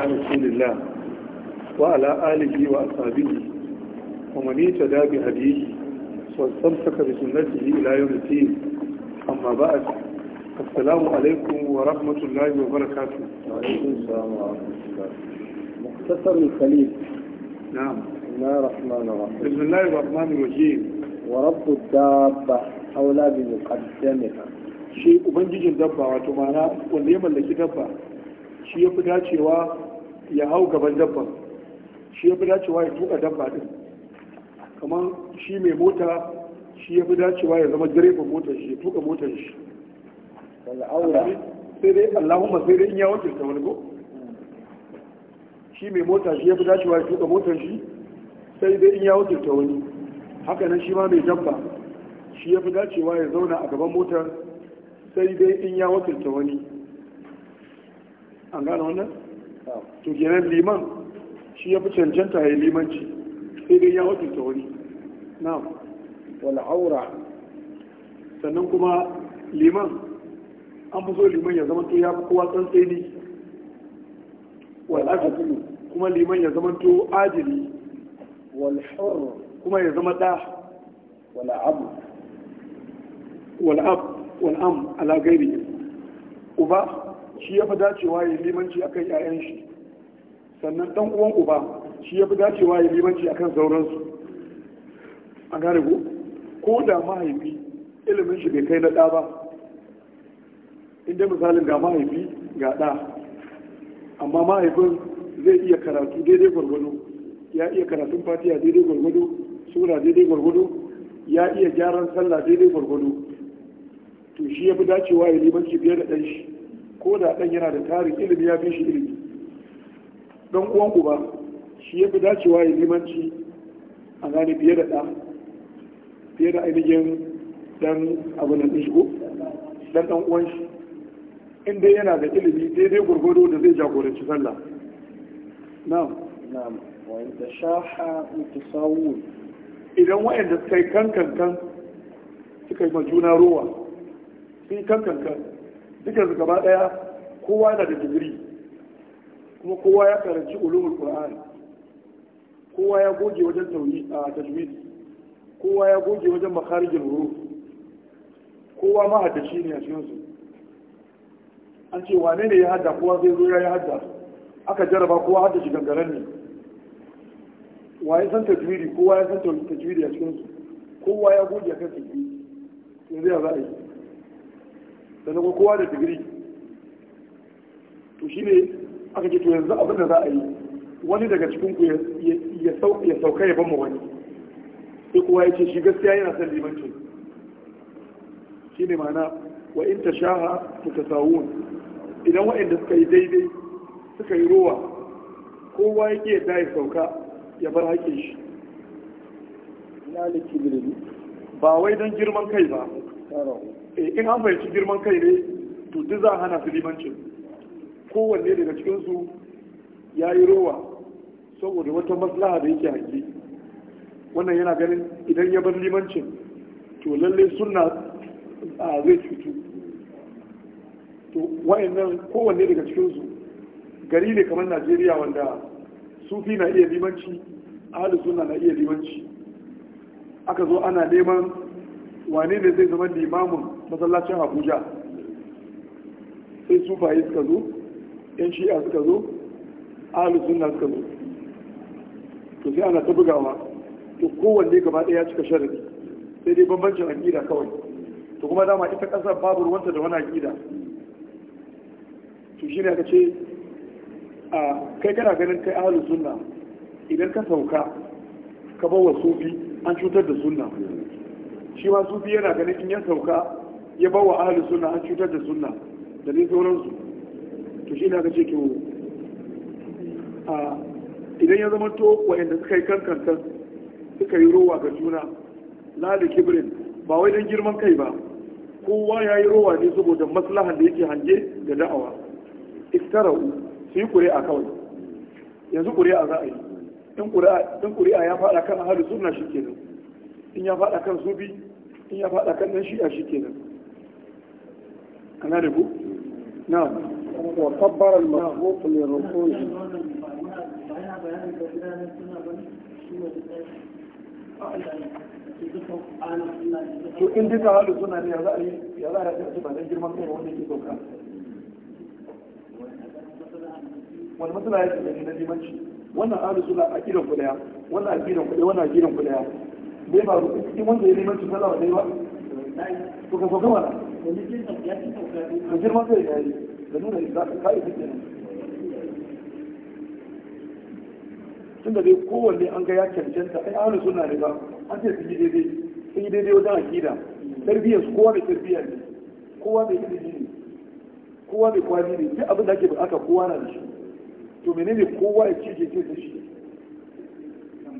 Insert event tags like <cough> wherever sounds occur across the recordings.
عن رسول الله وعلى آله وأصحابه ومن اهتدى بهديه واستمسك بسنته إلى يوم الدين أما بعد السلام عليكم ورحمة الله وبركاته وعليكم السلام ورحمة الله مختصر الخليل نعم بسم الله الرحمن الرحيم بسم الله الرحمن الرحيم ورب الدابة أولى بمقدمها شيء أبنجي dabba وتمانا mana اللي ya شيء dabba shi ya hau gaban dabba shi ya fi dacewa ya tuka dabba din kamar shi mai mota shi ya fi dacewa ya zama direban motar shi ya tuka motar shi sai dai allahumma sai dai in ya ta wani shi mai mota shi ya fi dacewa ya tuka motar shi sai dai in ya ta wani haka nan shi ma mai dabba shi ya fi dacewa ya zauna a gaban motar sai dai in ya ta wani an gane wannan to kenan liman shi ya fi cancanta ya yi limanci sai dai ya wata wani na. wal aura sannan kuma liman an fi so liman ya zama to ya fi kowa tsantseni wal ajilu kuma liman ya zama to ajiri wal hurr kuma ya zama ɗa. wal abu wal ab wal am ala gairi uba shi ya fi dacewa ya limanci akan 'ya'yan shi sannan ɗan uwan uba shi ya fi dacewa ya limanci akan sauransu A gane ko ko da mahaifi ilimin shi bai kai na ɗa ba inda misalin ga mahaifi ga ɗa amma mahaifin zai iya karatu daidai gwargwado ya iya karatun fatiya daidai gwargwado sura daidai gwargwado ya iya gyaran sallah daidai gwargwado to shi ya fi dacewa ya limanci biyar da ɗan shi ko da ɗan yana da tarin ilimi ya fi shi ilimi don uwan uba shi ya fi dacewa ya limanci a gane fiye da ɗan, fiye da ainihin dan abu na shigo dan ɗan uwan shi in dai yana da ilimi daidai gurgudu da zai jagoranci sallah na'am na'am wa in tashaha idan wa'anda suka yi kankankan suka yi majuna ruwa sun yi kankankan dukkan su gaba daya kowa yana da digiri kuma kowa ya karanci ulumul qur'an kowa ya goge wajen tauni a tajwid kowa ya goge wajen makharijul huruf kowa ma shi ne a cikin su an ce wane ne ya hadda kowa zai zo ya yi hadda aka jaraba kowa hadda shi gangaren ne waye san tajwidi kowa ya san tajwidi a cikin su kowa ya goge kan tajwidi yanzu ya za a yi da na kowa da digiri to shi ne aka ce to yanzu abin da za a yi wani daga cikin ku ya sauka ya bamu wani sai kowa ya ce shi gaskiya yana son limanci shi ne mana wa in ta shaha mutasawun idan waɗanda suka yi daidai suka yi rowa kowa ya ke da ya sauka ya bar haƙe shi ba wai don girman kai ba in an fahimci girman kai ne to duk za a hana su limancin kowanne daga cikinsu ya yi rowa saboda wata maslaha da yake haƙi wannan yana ganin idan ya bar limancin to lalle suna a zai cutu to wayannan kowanne daga cikinsu gari ne kamar najeriya wanda sufi na iya limanci ahalu suna na iya limanci aka zo ana neman wane ne zai zama limamin masallacin abuja sai sufaye suka zo yan shi'a suka zo ahalus sunna suka zo to sai ana ta bugawa to kowanne gaba ɗaya ya cika sharadi sai dai bambancin gida kawai to kuma dama ita ƙasar babu ruwanta da wani gida. to shi ne aka ce a kai kana ganin kai ahalus sunna idan ka sauka ka bawa sufi an cutar da sunna shi ma sufi yana ganin in ya sauka ya ba wa ahalin suna an cutar da suna da ne sauransu to shi ne aka ce kyau idan ya zama to wa'anda suka yi kankantar suka yi rowa ga juna da kibirin ba wai don girman kai ba kowa ya yi rowa ne saboda maslahan da yake hange da da'awa iftara'u su yi kuri'a kawai yanzu kuri'a za a yi in kuri'a ya faɗa kan ahalin suna shi kenan in ya faɗa kan zubi in ya faɗa kan shi shi'a shi kenan kana da na wa in halu suna ne ya za a yi ya za a yi ba dan girman ke doka wani matsala ya ne na limanci wannan a wannan a wannan a bai ba cikin wanda ya limanci sallah dai ba to ka so na da girman kai da yi da nuna izaka kai da kenan tun da dai kowanne an ga ya cancanta ai ahlu sunna ne ba an ce su yi daidai sun yi daidai wajen akida tarbiyyar su kowa mai tarbiyya ne kowa mai ilimi ne kowa mai kwani ne duk abin da ake bukata kowa na da shi to menene kowa ya ce ke da shi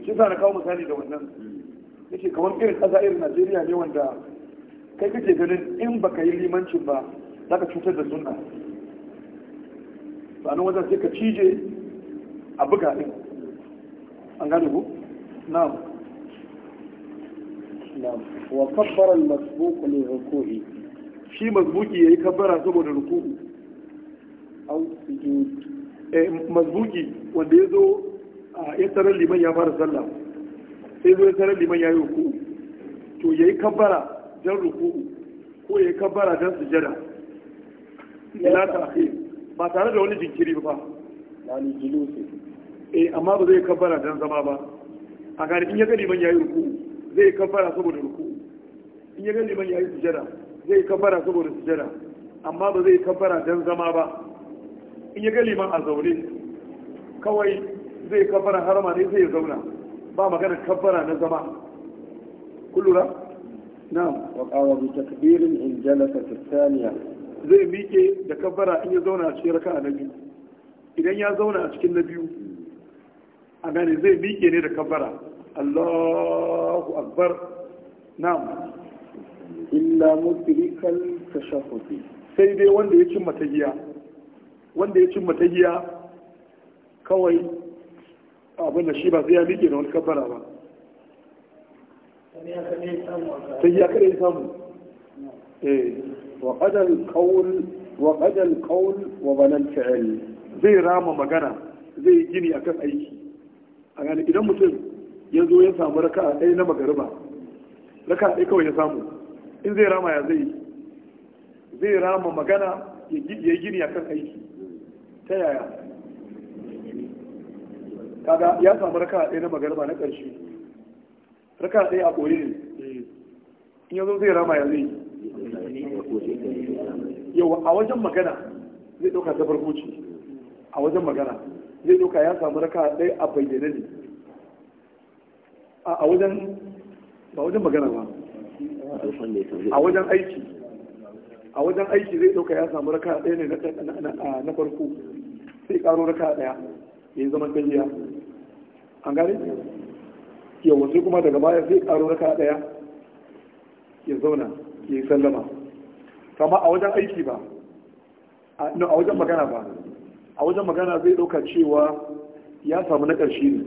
shi sa na kawo misali da wannan yake kamar irin ƙasa irin Najeriya ne wanda kai kake ganin in ka yi limancin ba za ka cutar da sunna na wajen sai ka cije a buga ɗin an gane ku? na'am wa kabbaran masbuku ne rukuhi shi masbuki ya yi kabbara saboda rukuhu au sujud eh masbuki wanda ya zo ya tarar liman ya fara sallah sai zo ya tarar liman ya yi rukuhu to ya yi kabbara don ruku ko ya kabbara don sujada ila ta ba tare da wani jinkiri ba yani jilusi eh amma ba zai kabbara don zama ba a gari in ya gani liman yayi ruku zai kabbara saboda ruku in ya gani liman yayi sujada zai kabbara saboda sujada amma ba zai kabbara don zama ba in ya gani liman a zaune kawai zai kabbara ma ne zai zauna ba magana kabbara na zama kullura na'am wa bi takbirin in jalasa zai miƙe da kabbara in ya zauna a cikin raka'a na biyu idan ya zauna a cikin na a gane zai miƙe ne da kabbara Allahu akbar na'am illa mudrikal tashahhudi sai dai wanda ya cimma tahiya wanda ya cimma tahiya kawai abin da shi ba zai ya miƙe da wani kabbara ba sai ya kada ya samu eh, wa القول وقد wa وبنى الفعل zai rama magana zai yi gini akan aiki a gane idan mutum ya zo ya samu raka a ɗaya na magariba raka a ɗaya kawai ya samu in zai rama ya zai zai rama magana ya yi gini akan aiki ta yaya kaga ya samu raka a ɗaya na magariba na ƙarshe raka ɗaya a ɓoye ne in yanzu zai rama ya zai yau a wajen magana zai ɗauka ta farko ce a wajen magana zai ɗauka ya samu raka ɗaya a bayyane ne a wajen ba wajen magana ba a wajen aiki a wajen aiki zai ɗauka ya samu raka ɗaya ne na farko sai ƙaro raka ɗaya ya zama tsayiya an gane yawa sai kuma daga baya zai karo raka daya ya zauna ya yi sallama kama a wajen aiki ba a wajen magana ba a wajen magana zai dauka cewa ya samu na ƙarshe ne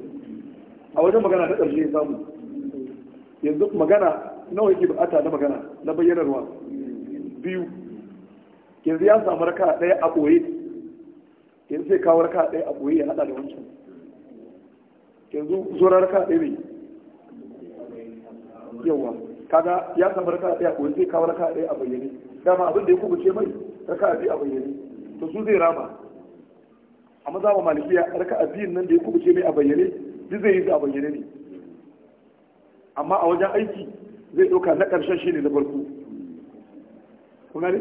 a wajen magana na ƙarshe ya samu yanzu magana nawa yake bukata na magana na bayyanarwa biyu yanzu ya samu raka ɗaya a ɓoye yanzu zai kawo raka ɗaya a ɓoye ya haɗa da wancan yanzu zuwa raka ɗaya ne yawa kaga ya samu raka daya ko sai kawo raka daya a bayyane dama abin da ya kubuce mai raka biyu a bayyane to su zai rama a maza wa malikiya raka biyun nan da ya kubuce mai a bayyane duk zai yi su a bayyane ne amma a wajen aiki zai dauka na ƙarshen shi ne na farko kuma ne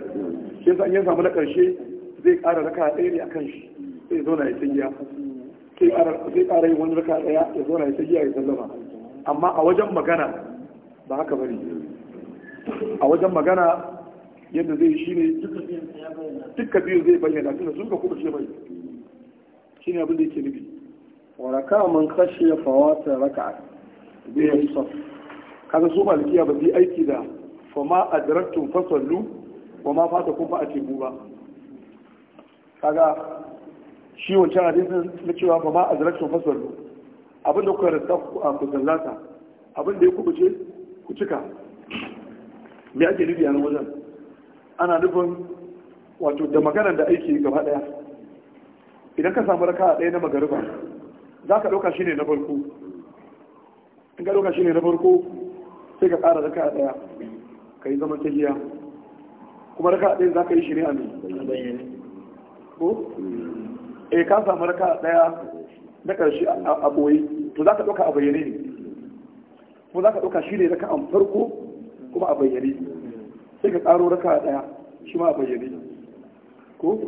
shi yasa in samu na ƙarshe zai ƙara raka ɗaya ne a kan shi sai ya zauna ya tsayiya sai ƙara yin wani raka ɗaya ya zo na ya giya ya sallama amma a wajen magana ba haka bari a wajen magana yadda zai shi ne duka biyu zai bayyana tunda sun ka kuma shi bai shi ne abin da yake nufi waraka man kashe ya ta raka'a bai yi eh. saf kaga su malikiya ba zai aiki da fama adraktum fasallu wa ma fata kun a tebu ba kaga shi wancan hadisin na cewa fama adraktum fasallu abin da kuka rasta ah, ku sallata abin da ya kubuce ku cika me ake nufi yanar wajen ana nufin wato da maganar da aiki gaba daya idan ka samu raka daya na magariba za ka ɗauka shi ne na farko in ka ɗauka shi ne na farko sai ka ƙara raka daya ka yi zama tahiya kuma raka daya za ka yi shi ne a mai ko e ka samu raka daya na ƙarshe a ɓoye to za ka ɗauka a bayyane ne ko za ka ɗauka shi ne raka a farko kuma a bayyane sai ka ƙaro raka ɗaya shi ma a bayyane ko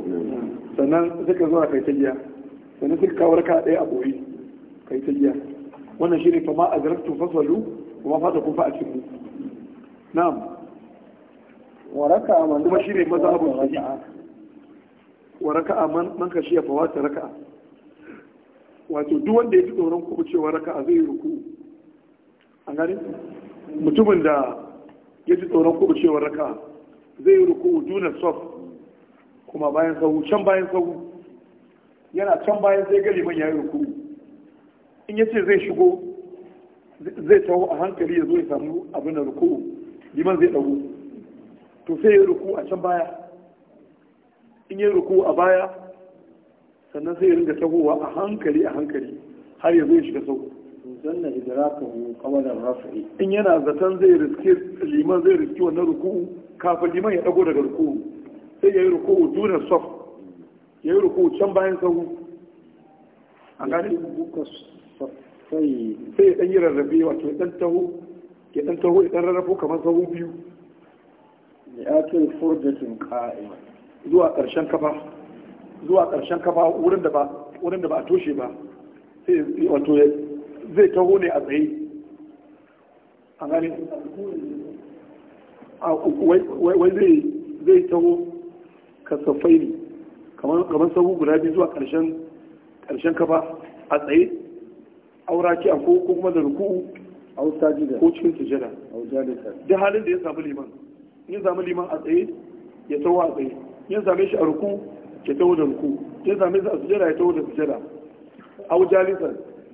sannan sai ka zo a kai ta giya sannan sai ka kawo raka ɗaya a ɓoye kai ta giya wannan shi ne fa ma a zaraftu fasalu kuma fata kun fa a cikin na'am wa raka man kuma shi ne maza abu wa raka'a man ya fa wata raka'a wato duk wanda ya ji tsoron kuma cewa raka'a zai yi ruku'u an gani mutumin da ya ji tsoron cewar raka zai yi ruku juna sof kuma bayan sahu can bayan sahu yana can bayan sai gali man ya yi ruku in ya ce zai shigo zai taho a hankali ya zo ya samu abin da ruku liman zai ɗago to sai ya yi ruku a can baya in ya yi ruku a baya sannan sai ya ringa tahowa a hankali a hankali har ya zo ya shiga sahu in yana zaton zai riske liman zai riske wannan ruku'u kafin liman ya dago daga ruku'u sai ya yi ruku'u soft ya yi ruku'u can bayan sahu a gani sai ya dan yi rarrabe wato ya dan taho ya dan taho ya dan rarrafo kamar sahu biyu furdatin zuwa ƙarshen kafa zuwa karshen kafa wurin da ba wurin da ba a toshe ba sai wato zai taho ne a tsaye a gani wai zai taho kasafai ne kamar sabu guda biyu zuwa ƙarshen kafa a tsaye aura wuraki a ko kuma da ruku a sajida ko cikin sujada da halin da ya samu liman yin samu liman a tsaye ya taho a tsaye yin same shi a ruku ya taho da ruku yin same shi a sujada ya taho da sujada a wujalisan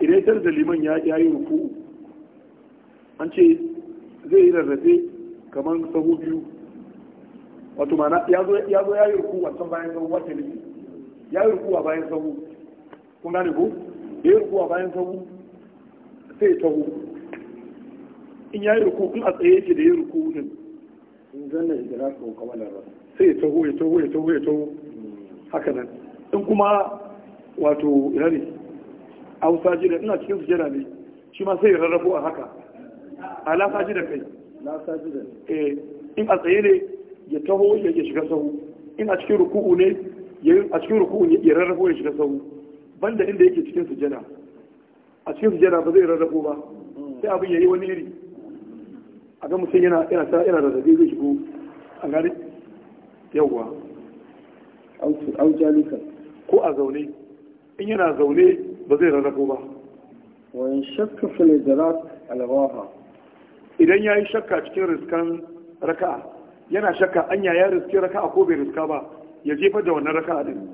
idan ya da liman ya yi ruku an ce zai yi rarrafe kamar sahu biyu wato mana ya zo ya yi ruku can bayan sahu wata ne ya yi ruku a bayan sahu kun gane ko ya yi ruku a bayan sahu sai ya in ya yi ruku in a tsaye yake da ya yi ruku din in zanna da kamalar sai ya taho ya taho ya taho ya taho haka nan in kuma wato ina au sajida ina cikin jira ne shi ma sai ya rarrafo a haka ala sajida kai la sajida eh in a tsaye ne ya taho ya shiga sahu in a cikin ruku'u ne a cikin ruku'u ne ya rarrafo ya shiga sahu banda inda yake cikin jira a cikin jira ba zai rarrafo ba sai abin yayi wani iri a ga mutum yana yana sa yana da zabi zai shigo a gari yawwa au jalika ko a zaune in yana zaune ba zai rarrabo ba wani shakka filizarat alawaha. idan ya yi shakka cikin riskan raka, yana shakka anya ya riske raka ko bai riska ba ya jefa da wannan raka din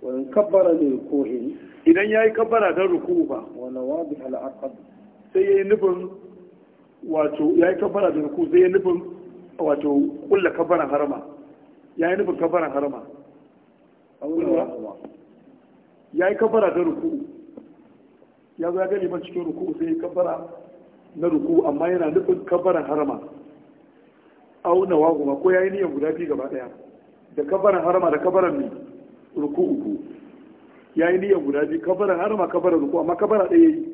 wani kabbara ne kohin idan ya yi kabbara don ruku ba wani wadi al'aqab sai ya yi nufin wato ya yi kabbara da ruku sai ya yi nufin wato kulla kabbaran harama ya yi nufin kabbaran harama ya yi kafara da ruku ya zo ya gani man cikin ruku sai ya kafara na ruku amma yana nufin kafaran harama auna waguma ko ya yi niyan guda biyu gaba daya da kafaran harama da kafaran mai uku ya yi niyan guda biyu kafaran harama kafaran ruku amma kafara ɗaya yi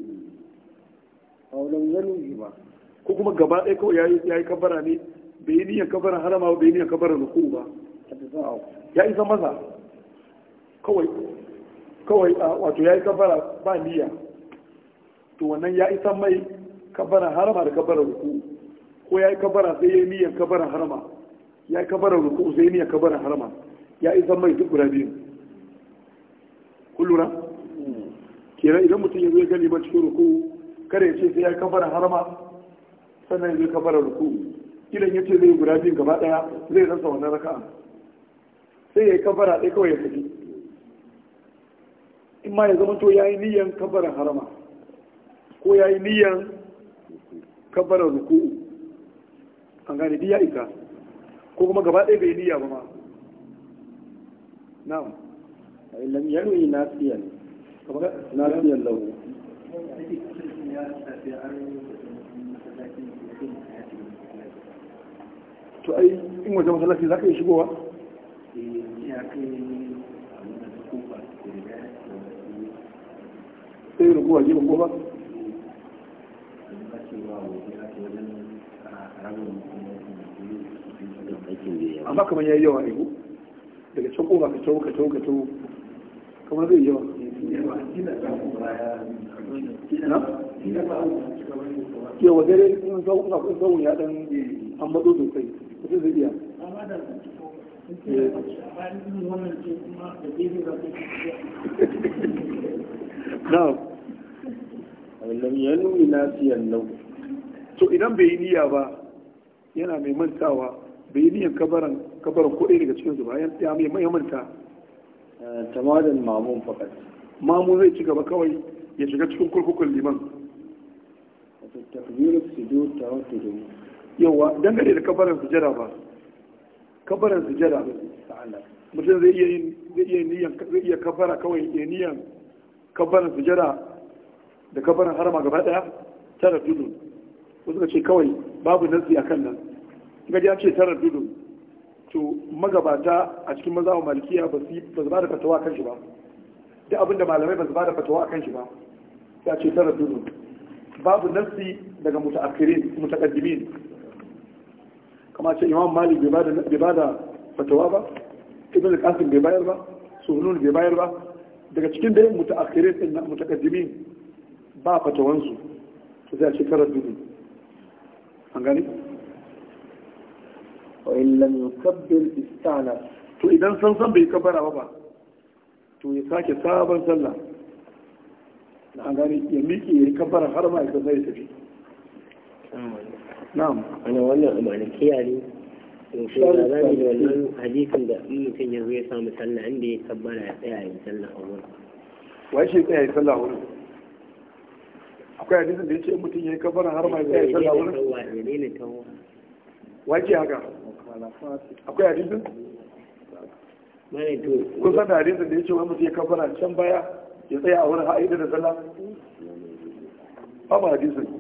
a aunan yi ba ko kuma gaba ɗaya kawai ya yi kafara ne bai yi niyan kafaran harama ba bai yi niyan kafaran ruku ba ya isa maza kawai kawai wato ya yi kafara ba niyya to wannan ya isa mai kafara harama da kafara ruku ko ya yi kafara sai ya yi niyyar kafara harama ya yi kafara ruku sai ya yi niyyar kafara harama ya isa mai duk guda biyu kullura kira idan mutum ya zo ya gani ba cikin ruku kada ya ce sai ya yi kafara harama sannan ya zo kafaran ruku idan ya ce zai guda biyu gaba daya zai rasa wannan raka'a sai ya yi kafara ɗaya kawai ya tafi in ma ya zama to ya yi niyan kabarin harama ko ya yi niyan kabarin ruku an gane biya isa ko kuma gaba ɗaya bai niyya ba ma ilan lam yi nasiyan nasiyan lau to ai in wajen masallaci za ka yi shigowa eh, sai rukuwa gefen ba amma kamar yayi yawa ne daga can koma ka tau ka tau ka tau kamar zai yawa yawa dare in zaun na kun zaun ya dan an matso sosai mutum zai iya eh. na'am lam yanwi nasiyan nau to idan bai yi niyya ba yana mai mantawa bai yi niyyan kabarin kabaran ko daga cikin su ba ya mai manta eh, tamadan mamun fakat mamun zai ci gaba kawai ya shiga cikin kurkukun liman takbiru sujud tawakkulu yawa dangane da kabaran sujada ba kabaran sujada mutum zai iya yin zai iya kabara kawai ya niyan kabbaran sujada da kabbaran harama gaba daya tara dudu wasu ka ce kawai babu nasi a kan nan ga ya ce tara dudu to magabata a cikin maza wa malikiya ba su ba da fatawa kan shi ba duk abinda malamai ba su ba da fatawa kan shi ba ya ce tara dudu babu nasi daga mutaakirin mutaqaddimin kamar ce imam malik bai ba da fatawa ba ibn al-qasim bai bayar ba sunun bai bayar ba daga cikin da mutaakhirin din na mutakaddimin ba fatawansu to sai a ce karar dubu, an gani wa in lam yukabbir istana to idan san san bai kabbara ba to ya sake sabon sallah na an gani ya miƙe ya yi kabbara har ma ya zai tafi na'am wannan amalin kiyaye. to da zamu da wannan hadisin da in mutum ya zo ya samu sallah inda ya tabbara ya tsaya ya sallah a wurin wai shi tsaya ya sallah a wurin akwai hadisin da ya ce mutum ya yi kabara har ma ya tsaya ya sallah a wurin wai ce haka akwai hadisin kusan da hadisin da ya ce wani mutum ya kabara can baya ya tsaya a wurin ha'ida da sallah ba ma hadisin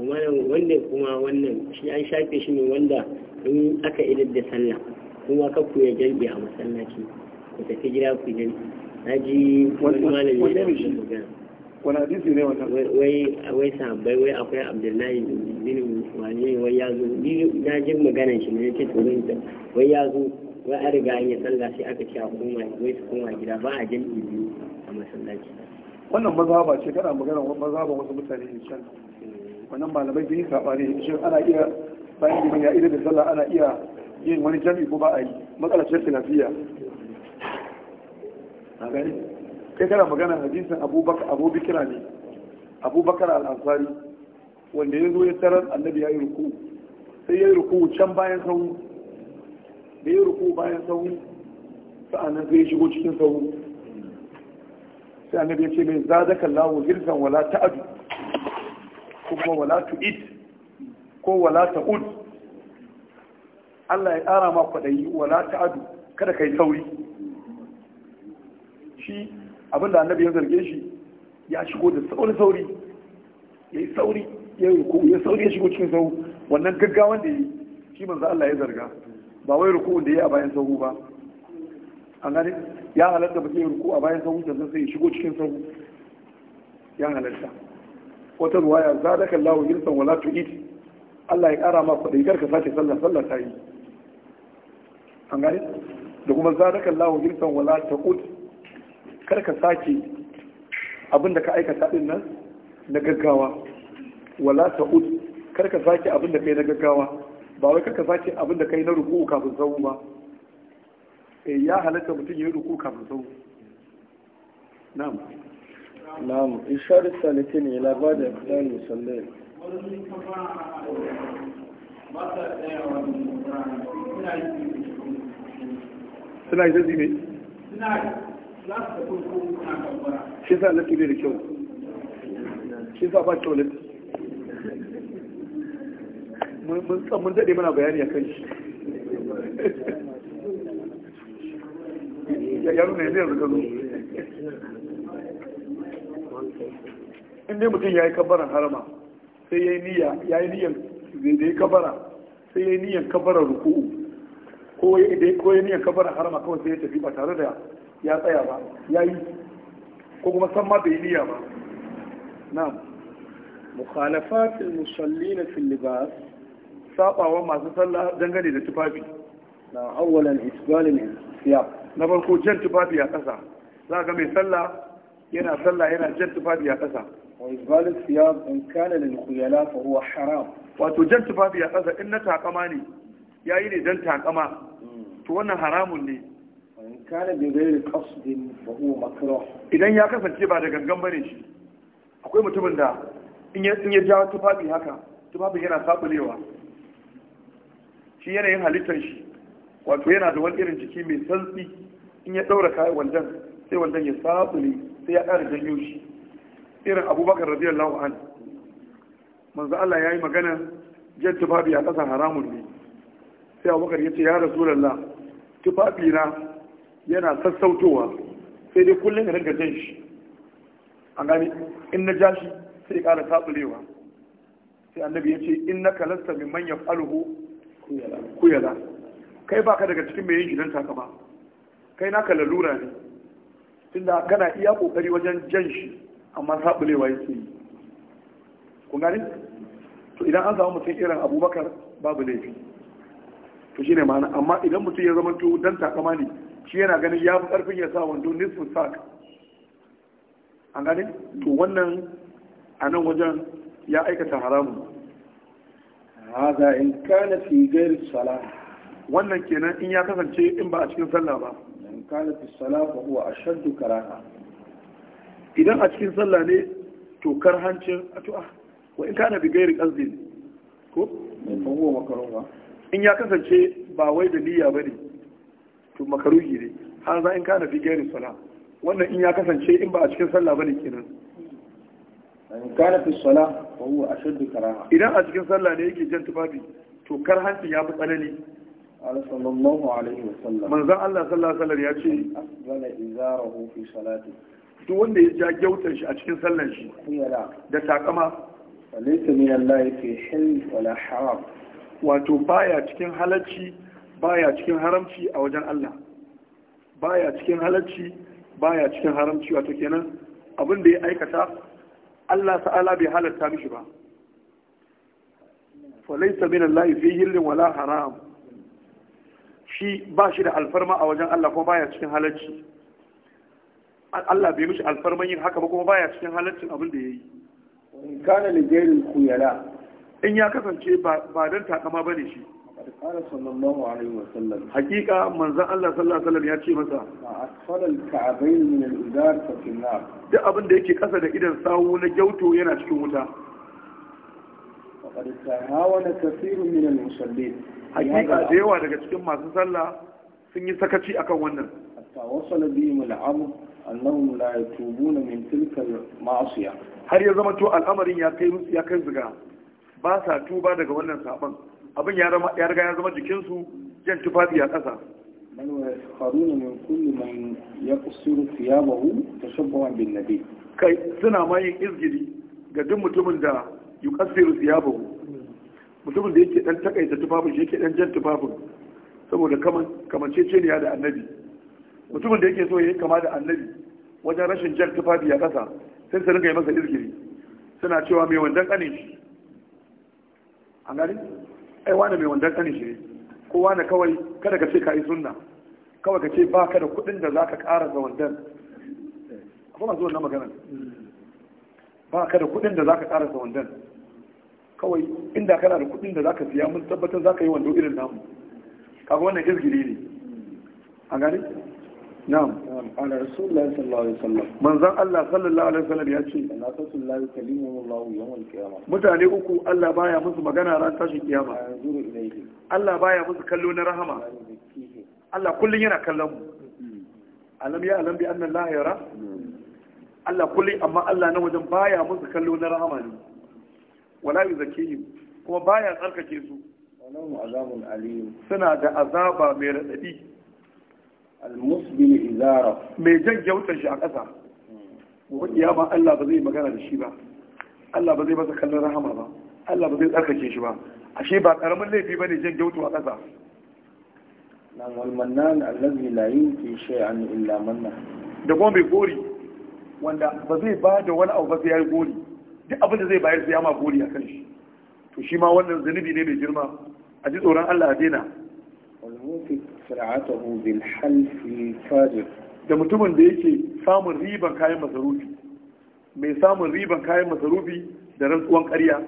kuma wanda kuma wannan shi an shafe shi ne wanda in aka idar da sallah kuma ka ku ya jalbi a masallaci ku tafi gida ku jalbi na ji wani malami da wani hadisi ne wata wai wai sahabbai wai akwai abdullahi bin wani wai ya zo na jin maganar shi ne ce tsoron ta wai ya zo wai an riga an yi sallah sai aka ce a koma wai su koma gida ba a jalbi biyu a masallaci wannan mazhaba ce kana maganar mazhaban wasu mutane ne can wannan malamai biyu yi ne shi ana iya bayan liman ya idan da sallah ana iya yin wani jami'i ko ba a yi matsalar ce lafiya a gani kai kana magana hadisin abubakar ne abubakar al'ansari wanda ya zo ya tarar annabi ya yi ruku sai ya yi ruku can bayan sahu da ya ruku bayan sahu sa'annan sai ya shigo cikin sahu sai annabi ya ce mai zadaka lawo hirsan wala ta'adu kuma wala it ko wala ud Allah ya tsara ma kwaɗayi wala ta'adu kada ka yi sauri shi abinda annabi ya zarge shi ya shigo da sauri sauri ya yi sauri ya yi ya sauri ya shigo cikin sau wannan gaggawan da ya yi shi manzo Allah ya zarga ba wai ruku'un da ya yi a bayan sahu ba an gane ya halatta ba yi ruku a bayan sahu da sai ya shigo cikin sahu ya halatta wata ruwaya za da kan lawo girsan wala to it Allah ya kara ma kuɗi karka sace sallah sallah ta yi an gani da kuma za da kan lawo girsan wala ta ut kar ka sace abin da ka aikata din nan na gaggawa wala ta ut kar ka sace abin da kai na gaggawa ba wai kar ka sace abin da kai na ruku kafin sau ba eh ya halatta mutum ya yi ruku kafin sau na'am نعم إشارة الثالثين إلى بعد إخلال المصلين yi zazi a kan shi ya nuna yanzu dai mutum ya yi kabaran harama sai ya yi niyya ya yi niyyan da ya kabara sai ya yi niyyan kabaran ruku ko ya yi niyyan kabaran harama kawai sai ya tafi ba tare da ya tsaya ba ya yi ko kuma san ma bai niyya ba na'am mukhalafatul musallina fil libas sabawa masu sallah dangane da tufafi na awwalan isbalin siyab na farko jan tufafi a kasa za ga mai sallah yana sallah yana jan tufafi a kasa وإقبال الثياب إن كان للخيلاء فهو حرام wato jan tufafi a ƙasa in na takama ne ya yi ne don takama hmm. to wannan haramun ne in kana bi gairi qasdin fa huwa makruh idan ya kasance ba da gangan bane shi akwai mutumin da in ya in ja tufafi haka tufafin yana sabulewa shi yanayin halittar shi wato yana da wani irin jiki mai santsi in ya ɗaura kayan wandan sai wandan ya sabule sai ya ƙara janyo shi irin abubakar radiyallahu an manzo Allah ya yi magana jan tufafi a ƙasar haramun ne sai abubakar ya ce ya rasulallah tufafi na yana sassautowa sai dai kullum ya rinka jan shi an gani in na jashi sai ya ƙara taɓulewa sai annabi ya ce in na kalasta min manyan alhu kuyala kai baka daga cikin mai yin gidan taka ba kai naka lalura ne tunda kana iya kokari wajen jan shi amma saɓulewa yake yi kun gani to idan an samu mutum irin abubakar babu laifi to shine ma'ana amma idan mutum ya zama tuwo dan takama ne shi yana gani ya fi karfin ya sa wando nisfin sak an gani to wannan a nan wajen ya aikata haramun haza in kana fi gairi sala wannan kenan in ya kasance in ba a cikin sallah ba in kana fi sala fa a ashaddu karaha idan a cikin sallah ne to kar hancin a tu'a wa in kana bi gairi qasdi ko huwa makaruha in ya kasance ba wai da niyya bane to makaruhi ne har za in kana bi gairi salah wannan in ya kasance in ba a cikin sallah bane kenan in kana fi salah fa huwa ashaddu karaha idan a cikin sallah ne yake jan tubabi to kar hancin ya fi tsanani sallallahu alaihi wasallam manzon Allah sallallahu alaihi wasallam ya ce asbala izarahu fi salati duk wanda ya ja gyautar shi a cikin sallan shi da takama alaysa min Allah fi hil wala haram wato baya cikin halacci baya cikin haramci a wajen Allah baya cikin halacci baya cikin haramci wato kenan abin da ya aikata Allah ta'ala bai halatta mishi ba falaisa min Allah fi hillin wala haram shi ba shi da alfarma a wajen Allah ko baya cikin halacci Allah bai mishi alfarman yin haka ba kuma baya cikin halaccin abin da ya yi in kana lijerin kuyala in ya kasance ba don takama ba ne shi Alƙalar sallallahu alaihi wasallam hakika manzan Allah sallallahu alaihi wasallam ya ce masa a ka'abain min al-udar fa duk abin da yake kasa da idan sawu na gyauto yana cikin wuta faqad tahawana kathirun min al hakika da yawa daga cikin masu sallah sun yi sakaci akan wannan hatta wasala bihim al-amr annahum la yatubuna min tilka ma'asiya har ya zama to al'amarin ya kai musu ya kai zuga ba sa tuba daga wannan saban abin ya riga ya zama jikinsu jan tufafi a man wa yasfaruna min kulli man yaqsiru thiyabahu tashabbuhan bin nabi kai suna ma yin izgiri ga duk mutumin da yuqsiru thiyabahu mutumin da yake dan takaita tufafin shi yake dan jan tufafin saboda kaman kamanceceniya da annabi mutumin da yake so ya yi kama da annabi wajen rashin jan tufafi a ƙasa sai su rinka yi masa izgiri suna cewa mai wandan ƙanin shi an gani ai wani mai wandan ƙanin shi ne kowa kawai kada ka ce ka yi sunna kawai ka ce ba ka da kuɗin da za ka ƙara ga wandan akwai masu wannan magana ba ka da kuɗin da za ka ƙara ga wandan kawai inda kana da kuɗin da za ka siya mun tabbatar za ka yi wando irin namu kaga wannan izgiri ne an gani na'am ala rasulullahi sallallahu alaihi wasallam manzon ya ce mutane uku Allah baya musu magana ran tashin kiyama Allah baya musu kallo na rahama Allah kullun yana kallon mu hmm. alam ya alam bi Allah yara hmm. amma Allah na wajen baya musu kallo na rahama ne wala yuzakkihim kuma baya tsarkake su suna da azaba mai radadi al-musbil izara mai jan gyautar shi a ƙasa gobe kiyama Allah ba zai magana da shi ba Allah ba zai masa kallon rahama ba Allah ba zai tsarkake shi ba ashe ba karamin laifi bane jan gyautu a ƙasa nan wal mannan allazi la yunki shay'an illa manna da kuma mai gori wanda ba zai ba da wani abu ba sai yayi gori duk abin da zai bayar sai ya ma gori akan shi to shi ma wannan zanubi ne mai girma a ji tsoron Allah a daina da mutumin da yake samun riban kayan masarufi mai samun riban kayan masarufi da rantsuwan karya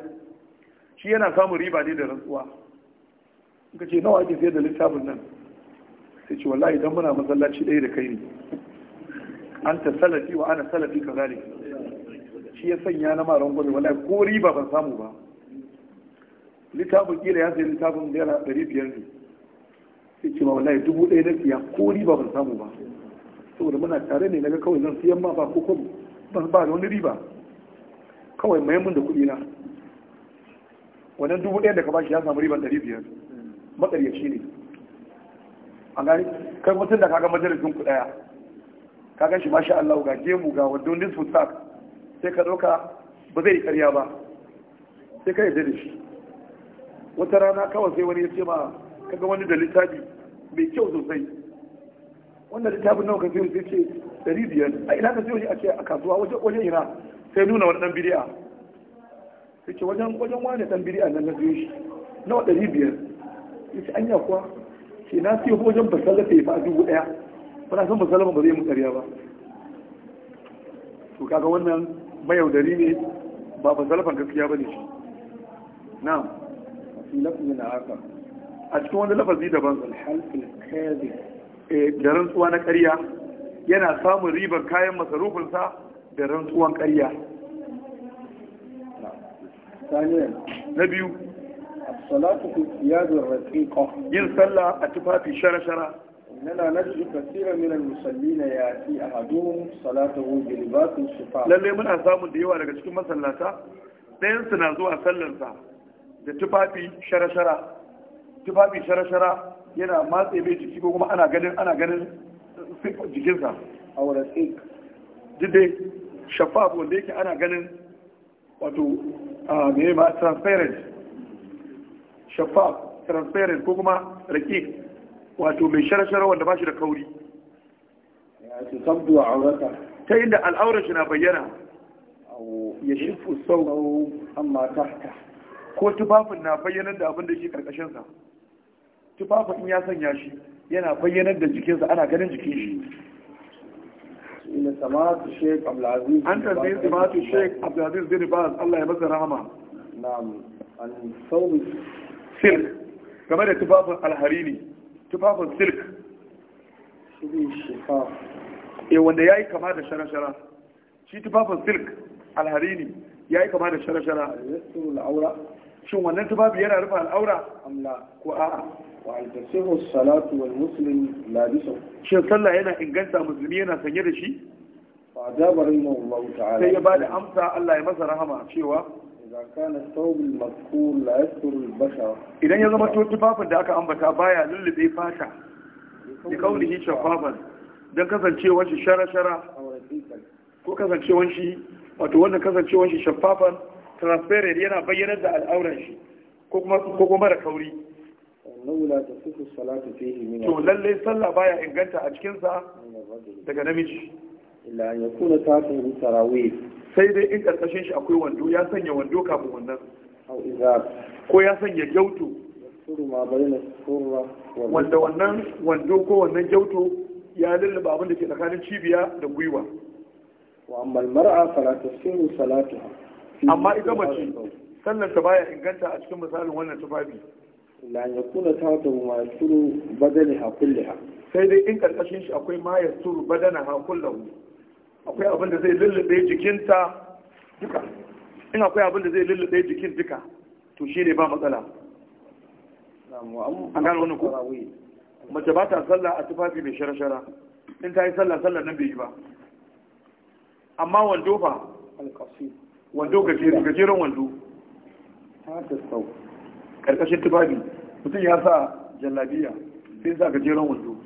shi yana samun riba ne da rantsuwa ka ce nawa ake sayar da littafin nan sai ce wallahi idan muna masallaci ɗaya da kai ne an ta salafi wa ana salafi ka zane shi ya sanya na maron gobe wallahi ko riba ban samu ba littafin kila ya sayi littafin naira ɗari biyar ne sai ce ma wallahi dubu ɗaya na siya ko riba ban samu ba saboda muna tare ne naga kawai zan siyan ma ba ko ko ban ba da wani riba kawai mayan mun da kuɗi na wannan dubu ɗaya da ka bashi ya samu riban ɗari biyar matsaryaci ne a gani kai mutum da kaga majalisin ku ɗaya ka gan shi masha Allah ga gemu ga wanda wani fusak sai ka ɗauka ba zai yi ƙarya ba sai ka yi da shi wata rana kawai sai wani ya ce ma kaga wani da littafi mai kyau sosai wannan littafin nawa ka siyo sai ce ɗari biyar a ina ka sayo shi a ce a kasuwa wajen wani ina sai nuna wani dan bidi'a sai ce wajen wajen wani dan bidi'a nan na siyo shi nawa ɗari biyar ya ce anya kuwa ce na siyo wajen basalla ta yi fa dubu ɗaya ba na san basalla ba zai mu ƙarya ba to kaga wannan mayaudari ne ba basalafan gaskiya ba ne shi na'am fi lafiyar na haka a cikin wani lafazi daban eh, da rantsuwa na ƙarya yana samun ribar kayan masarufinsa da rantsuwan ƙarya na biyu yin tsalla a tufafi shara-shara nana na shi kasirar minar musalli na yaƙi a hadin salatar gilibatun shifa lalle muna samun da yawa daga cikin masallata ɗayansu na zuwa sallarsa da tufafi shara-shara tufafi shara-shara yana matse mai jiki ko kuma ana ganin ana ganin jikinsa a wurin tsik dai shafafu wanda yake ana ganin wato a mai ma transparent shafaf transparent ko kuma rake. wato mai shara-shara wanda ba shi da kauri ta inda al'aurar shi na bayyana ya shi fusau amma tahta ko tufafin na bayyanar da abin da shi karkashinsa tufafin in ya sanya shi yana bayyanar da jikinsa ana ganin jikin shi an tambayi samatu sheik abdulaziz bin baz allah ya masa rahama silk game da tufafin alharini tufafin silk eh wanda ya yi kama da shara-shara shi tufafin silk alharini ya yi kama da shara-shara shin wannan tubabi yana rufe al'aura amla ko a'a wa al-tasihu salatu wal muslim bisu shin sallah yana inganta musulmi yana sanye da shi fa jaba Allah ta'ala sai ya bada amsa Allah ya masa rahama cewa idan kana thawbul mazkur la yasturu al bashar idan ya zama tufafin da aka ambata baya lullube fata da kaulihi shafafan dan kasancewar shi shara shara ko kasancewar shi wato wannan kasancewar shi shafafan transferred yana bayyanar da al'auran shi ko kuma ko kuma da kauri laula tasifu salatu fihi min to lalle sallah baya inganta a cikin sa daga namiji illa ya kuna tafi tarawih sai dai in karkashin shi akwai wando ya sanya wando kafin wannan ko ya sanya gyauto, ma surra wanda wannan wando ko wannan gyauto ya lullaba abin da ke tsakanin cibiya da gwiwa wa amma mar'a fala tasifu salatuha amma ita mace sannan ta baya inganta a cikin misalin wannan tufafi la yakuna ta ma yasuru ha kullaha sai dai in karkashin shi akwai ma badana ha kullahu akwai abin da zai lullube jikinta duka in akwai abin da zai lullube jikin duka to shi ne ba matsala an gano wani ko mace ba ta sallah a tufafi mai shara-shara in ta yi sallah sallah nan bai yi ba amma wando fa wando gajeren wando haka sau karkashin tufafi mutum ya sa jallabiya sai sa gajeren wando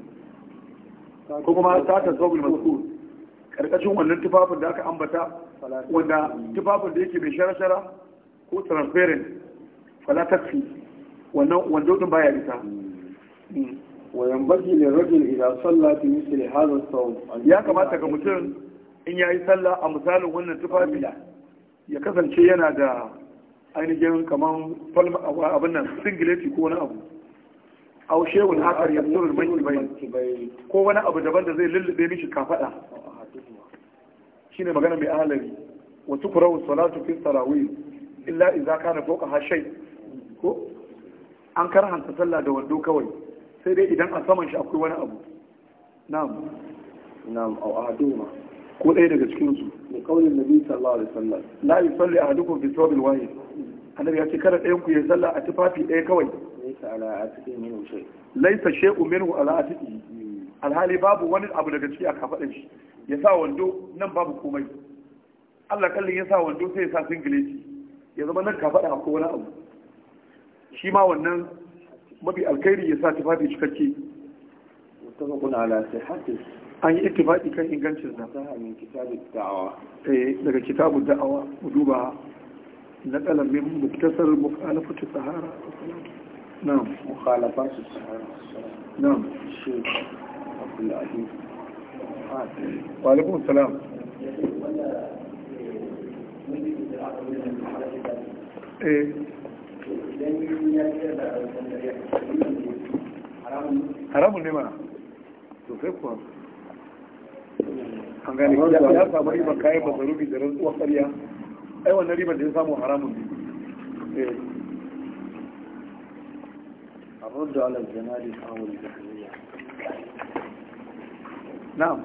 ko kuma ta ta sau masu karkashin wannan tufafin da aka ambata wanda tufafin da yake mai shara-shara ko transparent falatafi wannan wando din baya isa وينبغي للرجل إذا صلى في ya هذا الصوم يا كما تكمتون إن يأي a misalin wannan tufafi ya kasance yana da ainihin kamar abin nan singileti ko wani abu au wani hakar ya tsoron mai ko wani abu daban da zai lullube mishi kafada ne magana mai alari wa kurawun salatu fi sarawil illa in za ka na foka hashay ko an karhanta sallah da wando kawai sai dai idan a saman shi akwai wani abu na'am na'am au ma. ko ɗaya daga cikin su da kaulin nabi sallallahu alaihi wasallam la yusalli ahadukum fi thawbin wahid annabi ya ce kada ɗayan ku ya salla a tufafi ɗaya kawai laysa ala atiqi minhu shay laysa shay'un minhu ala atiqi alhali babu wani abu daga ciki a kafaɗin shi ya sa wando nan babu komai Allah kallin ya sa wando sai ya sa singileti ya zama nan kafaɗa a wani abu shi ma wannan mafi alkhairi ya sa tufafi cikakke an yi ittifaqi kan ingancin sa eh, daga kitabu da'awa duba na kalamin muktasar mukhalafatu sahara na'am mukhalafatu sahara Na shi abdul aziz wa alaikum assalam eh haramun ne ma to sai kuwa an ya samu kayan masarufi da rantsuwar ƙarya ai wannan da ya samu haramun ne نعم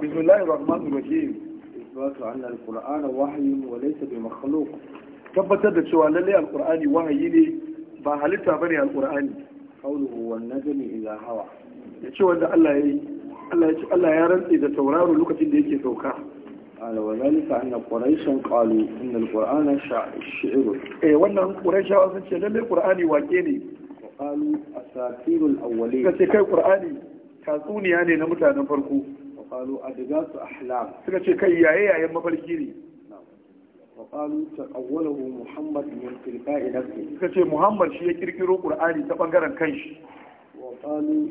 بسم الله الرحمن الرحيم بسم الله الرحمن الرحيم إثبات أن القرآن وحي وليس بمخلوق tabbatar da cewa lallai alkur'ani wahayi ne ba halitta bane alkur'ani qawluhu wan najmi idha ya ce wanda Allah Allah ya rantsi da tauraro lokacin da yake sauka. Ala wa zalika anna quraishan qalu inna al-qur'ana sha'ir. Eh wannan quraisha sun ce lalle qur'ani wake ne. Qalu asatirul awwalin. Ka ce kai qur'ani tatsuniya ne na mutanen farko. Qalu adgasu ahlam. Suka ce kai yaye yayin mafarki ne. Qalu taqawwalahu Muhammad min tilka'i nafsi. Suka ce Muhammad shi ya kirkiro qur'ani ta bangaren kanshi. Qalu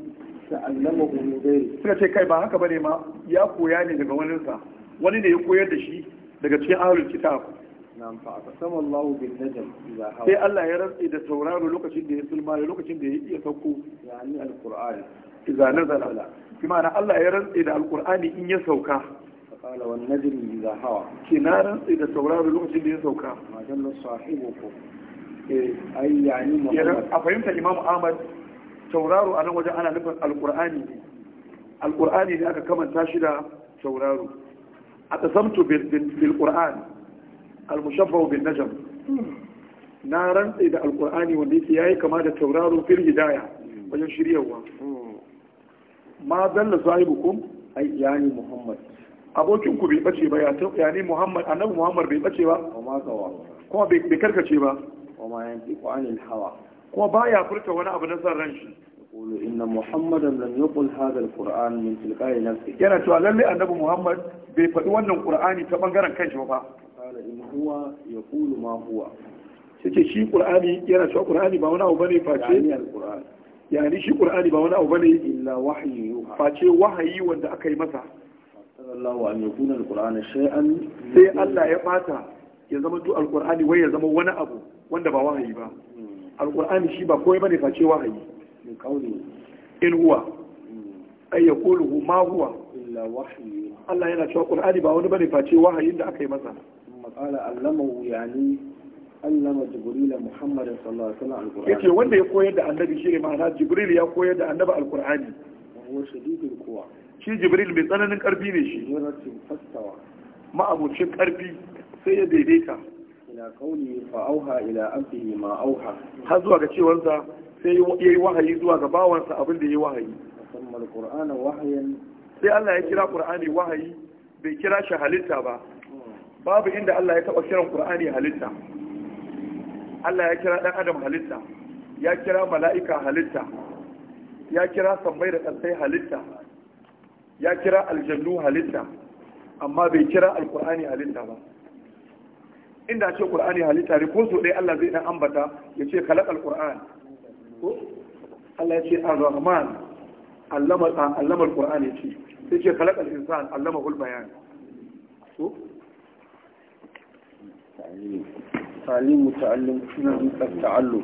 suka ce kai ba haka bane ma ya koya ne daga wani sa wani ne ya koyar da shi daga cikin ahlul kitab na'am fa aqsama Allahu bin najm ila hawa sai Allah ya rantsi da sauraro lokacin da ya sulma lokacin da ya iya sauko yani alqur'an idza nazala bi ma'ana Allah ya rantsi da alqur'ani in ya sauka qala wan najm ila hawa kina rantsi da tauraro lokacin da ya sauka ma dalla sahibukum eh ai yani a fahimta imamu Ahmad tauraro a nan wajen ana nufin alƙur'ani ne alƙur'ani ne aka kamanta shi da tauraro a tasamtu bil qur'an al mushabbah bin najm na rantsi da alƙur'ani wanda yake yayi kama da tauraro fil hidaya wajen shiryawa ma dalla sahibukum ay yani muhammad abokin ku bai bace ba ya ne muhammad annabi muhammad bai bace ba kuma Kuma bai karkace ba kuma hawa. Kuma baya furta wani abu na san shi. يقول إن محمدا لم يقل هذا القرآن من تلقاء نفسه yana cewa lalle annabi Muhammad bai faɗi wannan Qur'ani ta bangaren kanshi ba qala in huwa yaqulu ma huwa yace shi Qur'ani yana cewa Qur'ani ba wani abu bane face yani shi Qur'ani ba wani abu bane illa wahyi face wahayi wanda aka yi masa sallallahu an yakuna al-Qur'ana shay'an sai Allah ya bata ya zama to al wai ya zama wani abu wanda ba wahayi ba al shi ba komai bane face wahayi in huwa hmm. ay yaqulu ma huwa illa wahyi Allah yana cewa Qur'ani ba wani bane face wahayin da aka yi masa maqala allamahu yani allama jibril muhammad sallallahu alaihi wasallam alqur'ani yake wanda ya koyar da annabi shine ma'ana jibril ya koyar da annabi alqur'ani wa shadidul quwa shi jibril mai tsananin karfi ne shi fastawa ma'abucin karfi sai ya daidaita ila kauli fa auha ila abdihi ma auha har zuwa ga cewarsa sai ya yi wahayi zuwa ga bawansa abin da ya yi wahayi sai Allah ya kira Kur'ani wahayi bai kira shi halitta ba babu inda Allah ya taɓa kiran Kur'ani halitta Allah ya kira ɗan adam halitta ya kira mala'ika halitta ya kira sammai da ƙasai halitta ya kira aljannu halitta amma bai kira alkur'ani halitta ba inda ce Kur'ani halitta ne ko so ɗaya Allah zai ɗan ambata ya ce kalak alkur'an ko Allah ya ce ar-rahman allama allama al-qur'ani ce sai ce khalaqa al-insan allama تعليم متعلم نعم. التعلم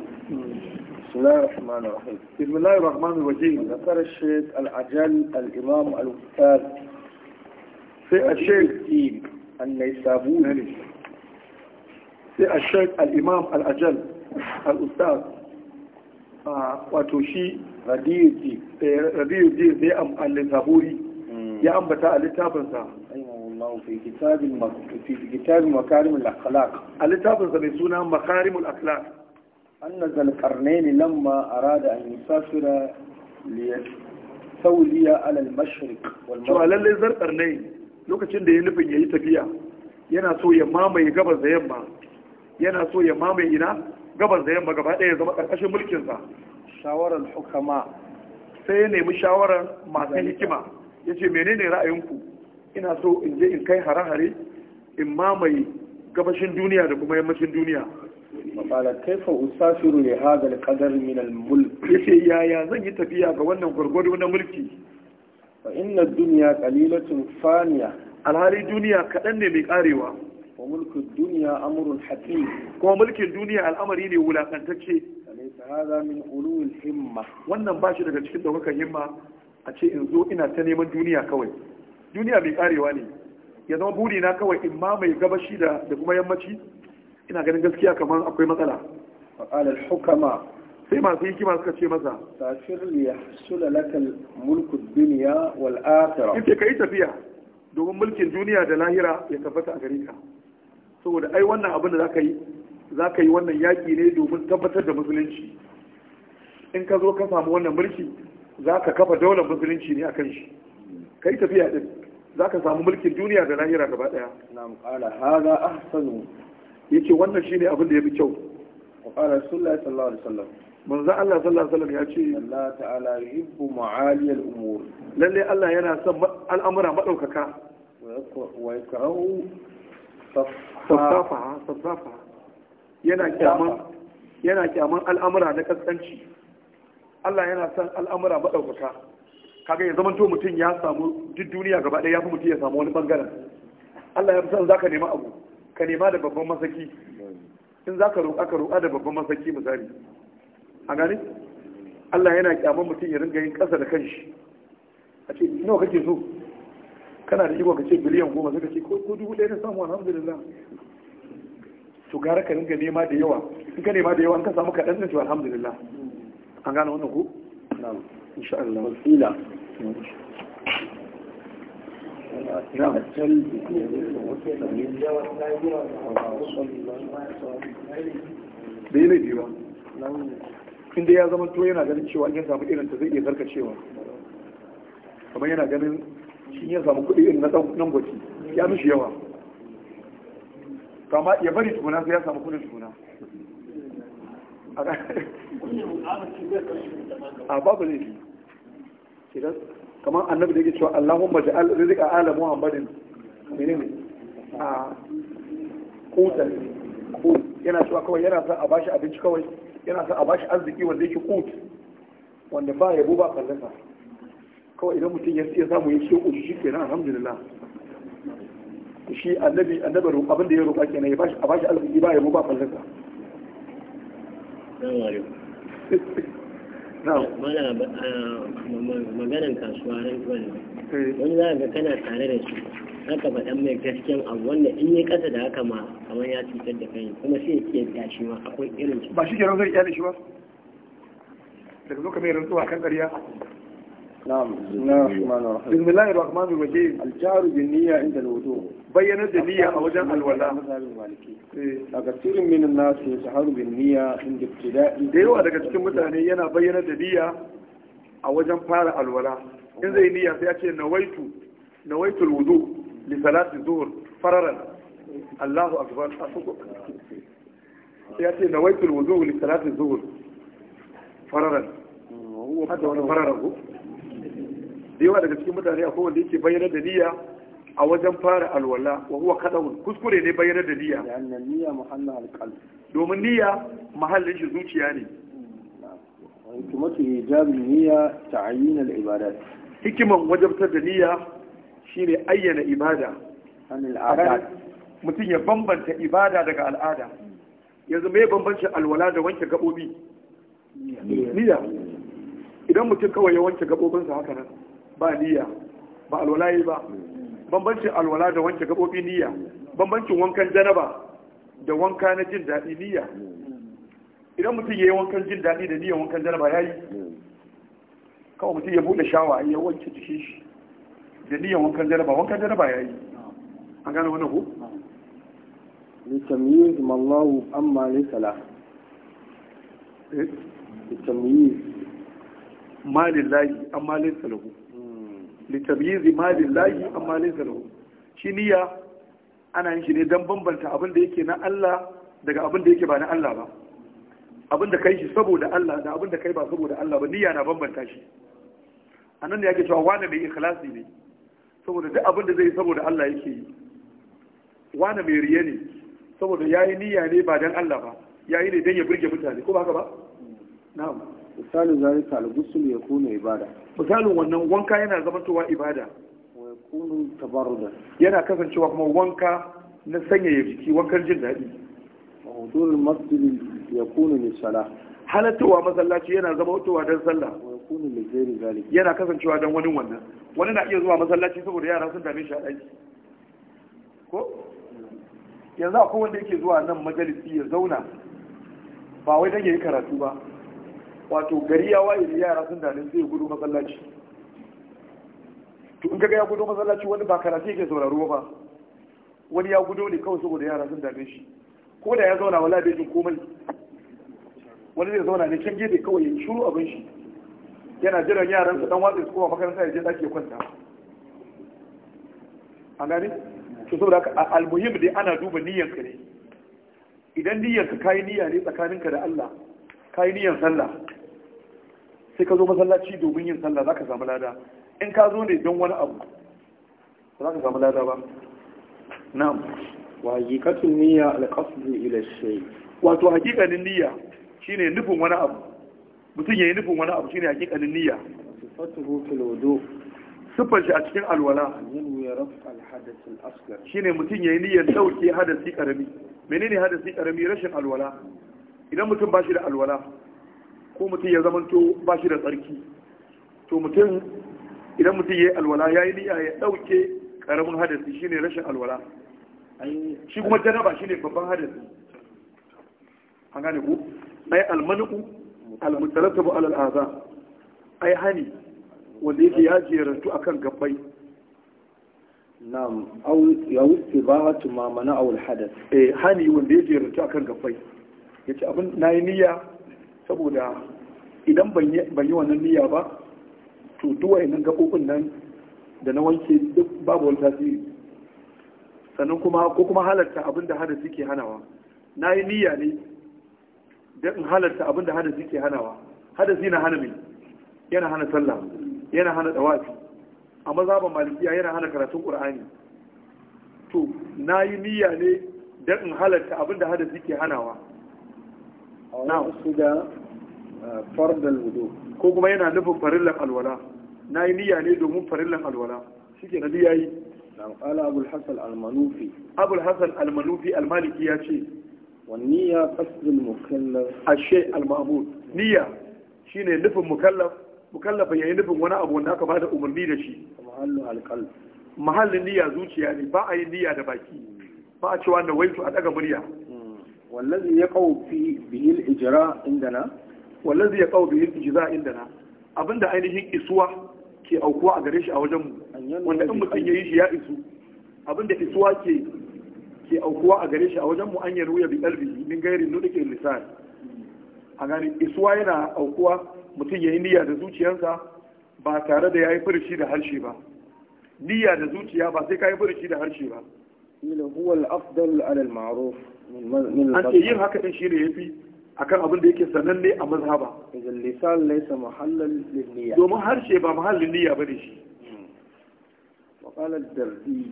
بسم الله الرحمن الرحيم بسم الله الرحمن الرحيم ذكر الشيخ العجل الإمام الأستاذ في الشيخ النيسابوري في الشيخ الإمام الاجل الأستاذ wato shi radiyu jiyar eh, zai amfani zaburi hmm. ya ambata a littafinsa fi kitabin makarimul akhlaq a littafinsa mai suna makarimul akhlaq anna zalqarnain lamma arada an yusafira li sauliya alal al-mashriq wal maghrib to lalle zalqarnain lokacin da ya nufin ya yi tafiya yana so ya mamaye gabas da yamma yana so ya mamaye ina gabas da yamma gaba ɗaya zama ƙarƙashin mulkinsa shawarar hukama sai ya nemi shawarar masu hikima ya ce menene ra'ayinku ina so in je in kai hare-hare in mamaye gabashin duniya da kuma yammacin duniya mafala kaifa usafiru ne haga alƙadar min almulk ya yaya zan yi tafiya ga wannan gwargwado na mulki fa inna duniya qalilatun faniya alhali duniya kaɗan ne mai ƙarewa wa mulkin duniya amrun hatim kuma mulkin duniya al'amari ne wulakantacce alaysa hadha min ulul himma wannan ba shi daga cikin daukar himma a ce in zo ina ta neman duniya kawai duniya mai ƙarewa ne ya zama buri na kawai in ma mai gabashi da da kuma yammaci ina ganin gaskiya kamar akwai matsala fa qala hukama sai masu hikima suka ce masa tafir li yahsula laka mulku dunya wal akhirah kace kai tafiya domin mulkin duniya da lahira ya tabbata a gare ka saboda ai wannan abin da zaka yi zaka yi wannan yaki ne domin tabbatar da musulunci in ka zo ka samu wannan mulki zaka kafa daular musulunci ne akan shi kai tafiya din zaka samu mulkin duniya da lahira gaba daya na'am qala hadha ahsanu yace wannan shine abin da yafi kyau wa qala sallallahu alaihi wasallam manzo Allah sallallahu alaihi wasallam ya ce Allah ta'ala yuhibbu ma'ali al-umur lalle Allah yana son al'amura madaukaka wa yakrahu sassafa sassafa yana kyaman yana kyaman al'amura na kaskanci Allah yana son al'amura madaukaka kaga ya zama to mutum ya samu duk duniya gaba ɗaya ya fi mutum ya samu wani bangaren Allah ya fi son zaka nema abu ka nema da babban masaki in zaka roƙa ka roƙa da babban masaki misali a gani Allah yana kyaman mutum ya ringa yin ƙasa da kanshi a ce nawa kake so kana da iko ka ce biliyan goma suka ce ko dubu ɗaya na samu alhamdulillah to gara ka ringa nema da yawa in ka nema da yawa in ka samu kaɗan na to alhamdulillah an gane wannan ku? na'am insha Allah wasila da yi laifi inda ya zama to yana ganin cewa in ya samu irin ta zai iya cewa kamar yana ganin shi ya samu kudi irin na nan gwaci ya mishi yawa kama ya bari tukuna sai ya samu kuɗin tukuna a babu fi idan kamar annabi da yake cewa allahun baje rizqa ala Muhammadin ne a kutan ko yana cewa kawai yana sa a bashi abinci kawai yana sa a bashi arziki wanda yake kut wanda ba yabo ba fallasa kawai idan mutum ya siya samu ya ce ushi shi kenan alhamdulillah shi annabi annabi roƙa abinda ya roƙa kenan ya bashi a bashi alƙi ba ya mu ba fallasa ah, maganan kasuwa ran eh. wani za ga kana tare da shi haka faɗan mai gasken abu wanda in yi ƙasa da haka ma kamar ya cutar da kai kuma sai ya ke shi ma akwai irin ba shi ke zai iya da shi ba daga zo kamar mai rantsuwa kan ƙarya نعم بسم الله الرحمن الرحيم الجار بالنية عند الوضوء بين النية أو جمع الولاء كثير من الناس يسهر بالنية عند ابتداء ديو هذا كثير متعني ينا بين النية أو جمع فارع الولاء إن زي نية سيأتي نويت نويت الوضوء لصلاة الظهر فررا الله أكبر سيأتي نويت الوضوء لصلاة الظهر فررا هو فرره da yawa daga cikin mutane akwai wanda yake bayyana da niyya a wajen fara alwala wa huwa kadawun kuskure ne bayyana da niyya niyya muhallin domin niyya mahallin shi zuciya ne niyya hikiman wajabtar da niyya shine ayyana ibada mutum ya bambanta ibada daga al'ada yanzu mai bambanci alwala da wanke gabobi niyya idan mutum kawai ya wanke gabobinsa haka nan ba niyya ba alwalayi ba bambancin alwala da wanke gabobi niyya bambancin wankan janaba da wanka na jin daɗi niyya idan mutum ya yi wankan jin daɗi da niyyar wankan janaba ya yi kawai mutum ya buɗe shawa ya wanke jikin shi da niyyar wankan janaba wankan janaba ya yi an gane wani hu? لتمييز ما الله أما ليس له لتمييز ما an أما ليس litabyizi malin lahi amma laysa lahu shi niyya ana yin shi ne don bambanta abin da yake na Allah daga abin da yake ba na Allah ba abin da kai shi saboda Allah da abin da kai ba saboda Allah ba niyya na bambanta shi anan ne yake cewa wani mai ikhlasi ne saboda duk abin da zai saboda Allah yake yi wani mai riya ne saboda yayi niyya ne ba dan Allah ba yayi ne dan ya burge mutane ko ba haka ba na'am misalin zalika al ya kuna ibada misalin wannan wanka yana zamantowa ibada wa yakunu da. yana kasancewa kuma wanka na sanyaya jiki wankan jin daɗi wa hudurul ya kuna mai sala halattowa masallaci yana zamantowa don sallah wa kuna mai zai rigali yana kasancewa don wani wannan wani na iya zuwa masallaci saboda yara sun dame shi a ɗaki ko yanzu akwai wanda yake zuwa nan majalisi ya zauna ba wai dan yayi karatu ba wato gari ya waye da yara sun da zai gudu masallaci to in kaga ya gudu masallaci wani ba karatu yake sauraro ba wani ya gudu ne kawai saboda yara sun dame shi ko da ya zauna wala bai jin komai wani zai zauna ne can gefe kawai ya shiru abin shi yana jiran yaran su dan watsa su koma makaranta ya je daki ya kwanta A gani to saboda haka almuhim dai ana duba niyyanka ne idan niyyanka kayi niyya ne tsakaninka da Allah kayi niyyan sallah sai ka zo masallaci domin yin sallah za ka samu lada in ka zo ne don wani abu za ka samu lada ba na'am wa hakikatin niyya alqasdu ila shay wato hakikanin niyya shine nufin wani abu mutum yayi nufin wani abu shine hakikanin niyya sifatuhu fil wudu sifar shi a cikin alwala ya shine mutum yayi niyyar dauke hadasi karami menene hadasi karami rashin alwala idan mutum ba shi da alwala ko mutum ya zamanto ba shi da tsarki to mutum idan mutum ya yi alwala ya yi niyya ya ɗauke ƙaramin hadasi shine rashin alwala shi kuma janaba shine babban hadasi an gane ku ai almanu almutalattabu alal aza ai hani wanda yake ya jerantu akan gabbai Na aw ya wuce ba tu ma mana aw alhadath eh hani wanda yake rutu akan gafai yace abin nayi niyya saboda idan ban yi wannan niyya ba to duwaye nan gaɓoɓin nan da na wanke duk babu wani tasiri sannan kuma ko kuma halarta abin da hada ke hanawa na yi niyya ne don in halarta abin da hada ke hanawa Hadasi na hana mai yana hana sallah yana hana dawafi a mazaban malikiya yana hana karatun qur'ani to na yi niyya ne don in halarta abin da hada ke hanawa na farin wudu ko kuma yana nufin farillan alwala na yi niyya ne domin farillan alwala shi ke nadi ya yi ɗanƙala abulhassan almanufi abulhassan almanufi almaliki ya ce wani ya kasirin mukallaf ashe almamud niyya shi ne nufin mukallaf mukallafa ya yi nufin wani abu wanda aka bada umarni da shi muhallin alƙal mahallin niyya zuciya ne ba a yi niyya da baki ba a cewa da waitu a ɗaga murya hmm, wallazi ya kawo fi bihil ijira inda na wallazi ya kawo bihin ijiza inda na abinda ainihin isuwa ke aukuwa a gare shi a wajen mu wanda in mutum ya yi shi ya isu abinda isuwa ke ke aukuwa a gare shi a wajen mu an yi ruya bi kalbi min gairi nuɗike lisan a gani isuwa yana aukuwa mutum ya yi niyya da zuciyarsa ba tare da ya yi furuci da harshe ba niyya da zuciya ba sai ka yi furuci da harshe ba min huwa al-afdal ala al-ma'ruf An ce yin haka din shine yafi akan abin da yake sananne a mazhaba idan lisan laysa mahallan linniya domin harshe ba mahallin niyya bane shi hmm. wa qala ad-dardi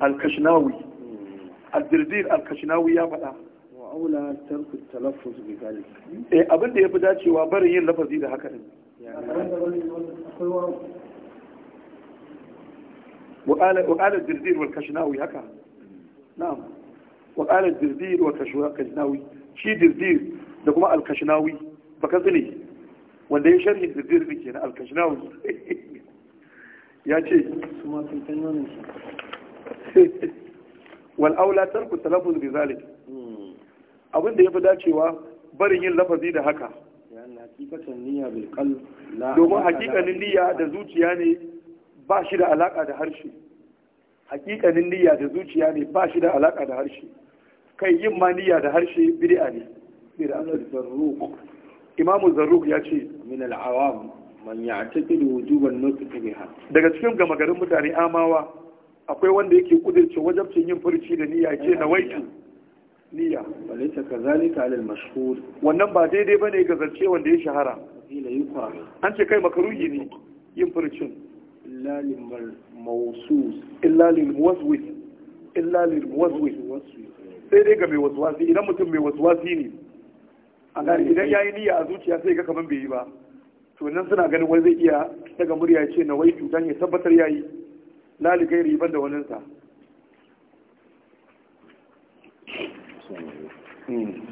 al-kashnawi hmm. ad-dardi al-kashnawi ya faɗa wa aula tarku talaffuz bi dhalik eh abin da yafi dacewa barin yin lafazi da haka din wal-kashnawi haka hmm. na'am wa qala نعم وقال الدردير kashnawi shi dirdir da kuma alkashinawi baka tsine wanda ya sharhin da ne na alkashinawi <laughs> ya ce su ma sun san yonin shi <laughs> wal tarku talaffuz bi zalik hmm. abin da fi dacewa barin yin lafazi da haka domin hakikanin niyya da zuciya ne ba shi da alaka da harshe hakikanin niyya da zuciya ne ba shi da alaka da harshe kai yin maniya da harshe bid'a ne bid'a Allah zarruq Imam Zarruq ya ce min al-awam man ya'taqidu wujuban nutq biha daga cikin gama garin mutane amawa akwai wanda yake kudirce wajabcin yin furci da niyya ce na waitu niyya balita kadhalika ala al-mashhur wannan ba daidai bane ga zance wanda ya shahara an ce kai makaruhi ne yin furcin illa lil mawsus illa lil muwaswis illa lil muwaswis sai dai ga mai wasuwasi idan mutum mai wasuwasi ne a gane eh, idan eh. ya yi niyya a zuciya sai ga kamar bai yi ba to nan suna ganin wani zai iya daga murya ce na waitu don ya tabbatar ya yi laligai riban da waninsa hmm.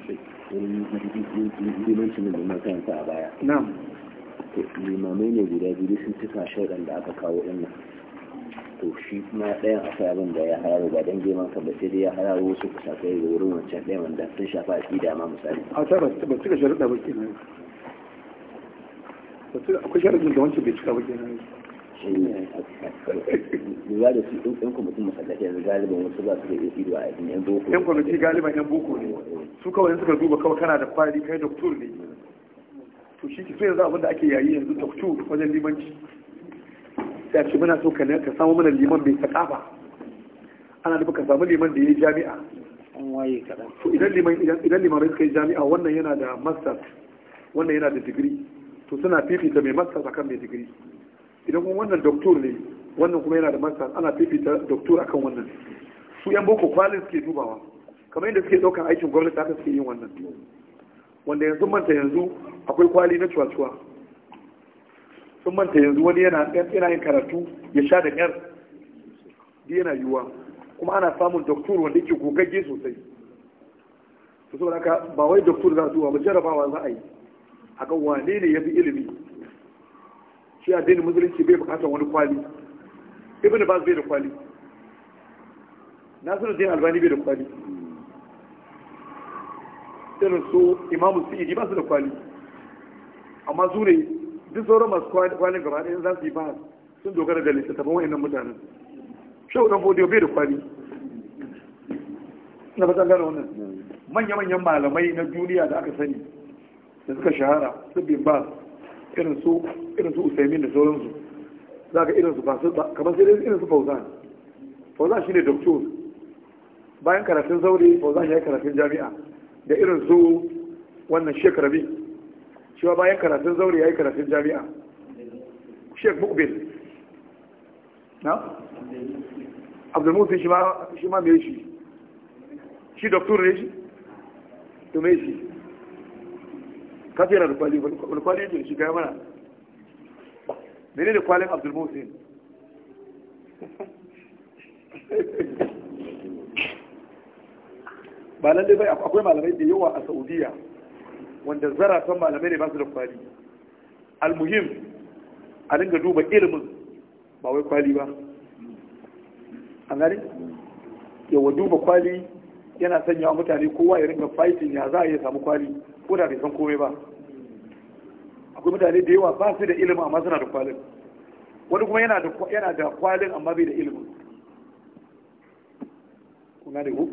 limamai ne guda biyu sun cika shaidan da aka kawo ɗin nan to shi kuma ɗayan akwai abin da ya hararo ba don girman kan sai dai ya hararo wasu kusakai da wurin wancan ɗayan wanda sun shafa a ƙida ma misali a ta ba su cika sharaɗa ba ke kenan akwai sharaɗin da wancan bai cika ba ke kenan lura da su ɗin kwamitin masallaci yanzu galiban wasu ba su da iya ido a yan boko yan kwamiti galiban yan boko ne su kawai suka duba kawai kana da kwari kai doktor ne to shi ki so yanzu abin da ake yayi yanzu doktor wajen limanci sai ce muna so ka samu mana liman mai sakafa ana nufa ka samu liman da ya yi jami'a to idan liman idan bai suka yi jami'a wannan yana da masters wannan yana da digiri to suna fifita mai masters akan mai digiri idan kuma wannan doktor ne wannan kuma yana da masters ana fifita doktor akan wannan su yan boko kwalin suke dubawa kamar yadda suke ɗaukar aikin gwamnati haka suke yin wannan wanda yanzu manta yanzu akwai kwali na cuwa-cuwa sun manta yanzu wani yana yin karatu ya sha da yar yana yiwuwa kuma ana samun doktor wanda yake gogagge sosai to saboda ka ba wai doktor za su ba jarabawa za a yi a kan wane ne ya fi ilimi shi addinin musulunci bai bukatar wani kwali ibn bas bai da kwali nasiru din albani bai da kwali irin su imamu su'idi ba su da kwali amma su ne duk sauran masu kwanin gaba ɗaya za su yi bahas sun dogara da littattafan wayannan mutanen shau dan fodiyo bai da kwani na fasan gara wannan manya-manyan malamai na duniya da aka sani da suka shahara su bin ba irin su usaimin da sauransu za ka irin su ba su kamar sai dai irin su fauzan fauzan shine doktor bayan karatun zaure fauzan ya yi karatun jami'a da irin su wannan shekarabi cewa bayan karatun zaure ya yi karatun jami'a sheik mukbil na? abdulmusin shi ma mai shi shi doktor ne shi to mai shi kafin yana rukwali rukwali yake shi gaya mana mene ne kwalin abdulmusin <laughs> ba dai bai akwai malamai da yawa a saudiya wanda zaratan malamai ne ba su da kwali almuhim a dinga duba ilimin ba wai kwali ba an gani yawa duba kwali yana sanya mutane kowa ya ringa fighting ya za a iya samu kwali ko da bai san komai ba akwai mutane da yawa ba su da ilimin amma suna da kwalin wani kuma yana da kwalin amma bai da ilimin kuna da ku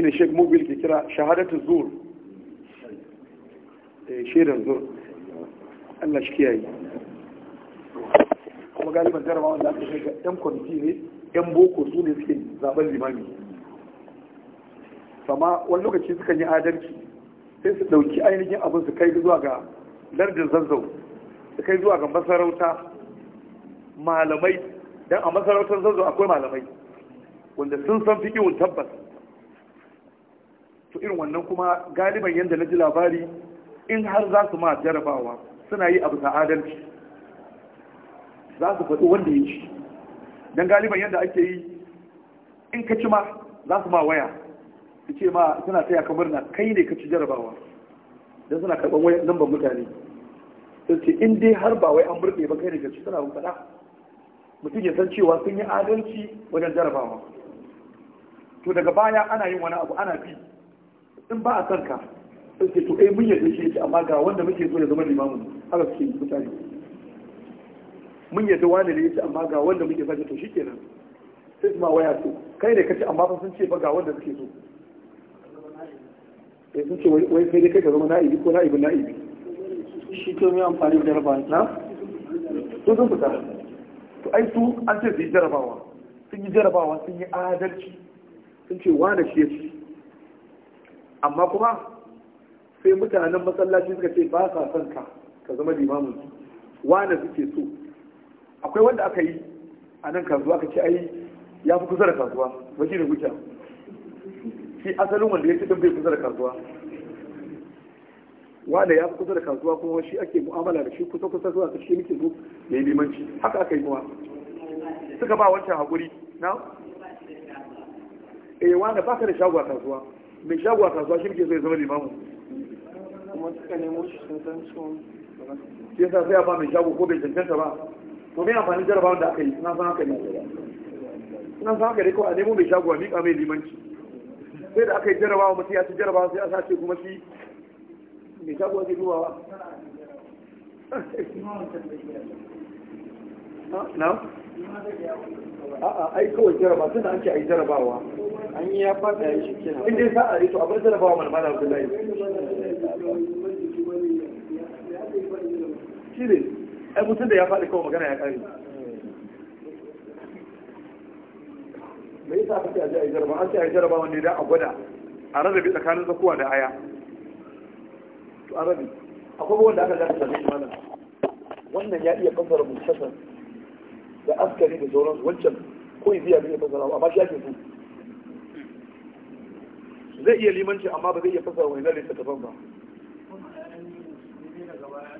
ne sheik mobil ke kira shahadatu zuru Eh, shirin zur Allah shi kiyaye kuma galiban jarabawa wanda aka shiga yan kwamiti ne yan boko su ne suke zaben limami sama wani lokaci sukan yi adalci sai su ɗauki ainihin abin su kai zuwa ga lardin zanzau su kai zuwa ga masarauta malamai don a masarautar zanzau akwai malamai wanda sun san fiƙiwun tabbas to irin wannan kuma galiban yadda na ji labari in har za su ma jarabawa suna yi abu adalci za su faɗi wanda ya ci don galiban yadda ake yi in ka ci ma za su ma waya su ce ma suna taya kamar na kai ne ka ci jarabawa don suna karɓar wayan lambar mutane sun ce in dai har ba wai an burɗe ba kai ne ka ci suna faɗa mutum ya san cewa sun yi adalci wajen jarabawa to daga baya ana yin wani abu ana bi in ba a san ka sai ce to eh mun yarda shi yake amma ga wanda muke so ya zama limamin haka suke mutane mun yarda wani ne yake amma ga wanda muke so to shikenan sai kuma waya to kai ne kace amma fa sun ce ba ga wanda suke so sai eh, sun ce wai sai dai kai ka zama na'ibi ko na'ibin na'ibi shi to mai amfani da jarabawa na to sun fita to ai su an ce su yi jarabawa sun yi jarabawa sun yi adalci sun ce wani shi ya ci amma kuma sai mutanen masallaci suka ce ba sa son ka ka zama limamin su wane suke so akwai wanda aka yi a nan kasuwa ka ce ai ya fi kusa da kasuwa ba shi da hujja shi asalin wanda ya ce don bai kusa da kasuwa wanda ya fi kusa da kasuwa kuma shi ake mu'amala da shi kusa kusa zuwa ta shi muke zo ya yi limanci haka aka yi kuma suka ba wancan haƙuri na eh wanda baka da shago a kasuwa mai shago a kasuwa shi muke so ya zama limamin? kuma suka nemo shi sun san ciwon shi sai a ba mai shago ko bai cancanta ba to me amfani jarabawar da aka yi suna san haka ne suna san haka ne kawai a nemo mai shago a miƙa mai limanci sai da aka yi jarabawa mutum ya ci jarabawa sai a sace kuma shi mai shago ake dubawa na? a'a ai kawai jaraba tana an ce a yi jarabawa an yi ya fada ya shi kenan in dai sa'a to a bar jarabawa mana mana abdullahi shi ne ai mutum da ya faɗi kawai magana ya ƙare me yasa aka ce a ji yi jaraba an ce a yi jaraba wanda ya a gwada a rarrabe tsakanin zakuwa da aya to a rabi. akwai wanda aka gasa da shi malam wannan ya iya fassara mustasar da askari da sauran wancan ko biya bai iya fassara amma shi ake so zai iya limanci amma ba zai iya fassara wani lalata ban ba